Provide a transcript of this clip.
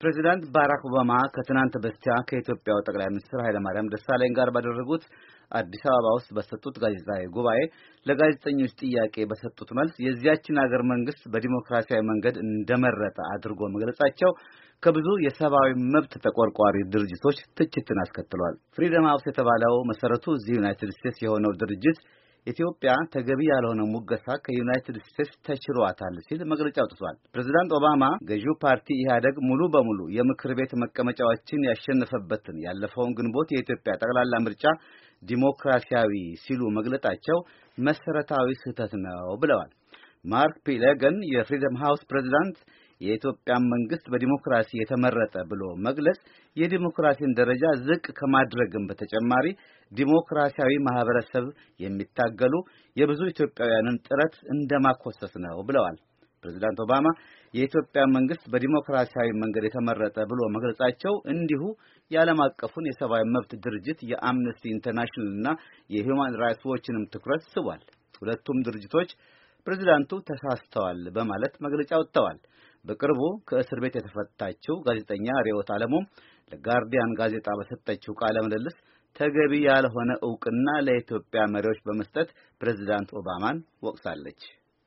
ፕሬዚዳንት ባራክ ኦባማ ከትናንት በስቲያ ከኢትዮጵያው ጠቅላይ ሚኒስትር ኃይለማርያም ደሳለኝ ጋር ባደረጉት አዲስ አበባ ውስጥ በሰጡት ጋዜጣዊ ጉባኤ ለጋዜጠኞች ጥያቄ በሰጡት መልስ የዚያችን ሀገር መንግስት በዲሞክራሲያዊ መንገድ እንደመረጠ አድርጎ መግለጻቸው ከብዙ የሰብአዊ መብት ተቆርቋሪ ድርጅቶች ትችትን አስከትሏል። ፍሪደም ሀውስ የተባለው መሰረቱ እዚህ ዩናይትድ ስቴትስ የሆነው ድርጅት ኢትዮጵያ ተገቢ ያልሆነ ሙገሳ ከዩናይትድ ስቴትስ ተችሏታል ሲል መግለጫ አውጥቷል። ፕሬዚዳንት ኦባማ ገዢው ፓርቲ ኢህአደግ ሙሉ በሙሉ የምክር ቤት መቀመጫዎችን ያሸነፈበትን ያለፈውን ግንቦት የኢትዮጵያ ጠቅላላ ምርጫ ዲሞክራሲያዊ ሲሉ መግለጣቸው መሰረታዊ ስህተት ነው ብለዋል። ማርክ ፒለገን የፍሪደም ሃውስ ፕሬዚዳንት የኢትዮጵያን መንግስት በዲሞክራሲ የተመረጠ ብሎ መግለጽ የዲሞክራሲን ደረጃ ዝቅ ከማድረግም በተጨማሪ ዲሞክራሲያዊ ማህበረሰብ የሚታገሉ የብዙ ኢትዮጵያውያንን ጥረት እንደማኮሰስ ነው ብለዋል። ፕሬዚዳንት ኦባማ የኢትዮጵያ መንግስት በዲሞክራሲያዊ መንገድ የተመረጠ ብሎ መግለጻቸው እንዲሁ የዓለም አቀፉን የሰብአዊ መብት ድርጅት የአምነስቲ ኢንተርናሽናል እና የሂውማን ራይትስ ዎችንም ትኩረት ስቧል። ሁለቱም ድርጅቶች ፕሬዚዳንቱ ተሳስተዋል በማለት መግለጫ ወጥተዋል። በቅርቡ ከእስር ቤት የተፈታችው ጋዜጠኛ ርዕዮት አለሙ ለጋርዲያን ጋዜጣ በሰጠችው ቃለ ምልልስ ተገቢ ያልሆነ እውቅና ለኢትዮጵያ መሪዎች በመስጠት ፕሬዝዳንት ኦባማን ወቅሳለች።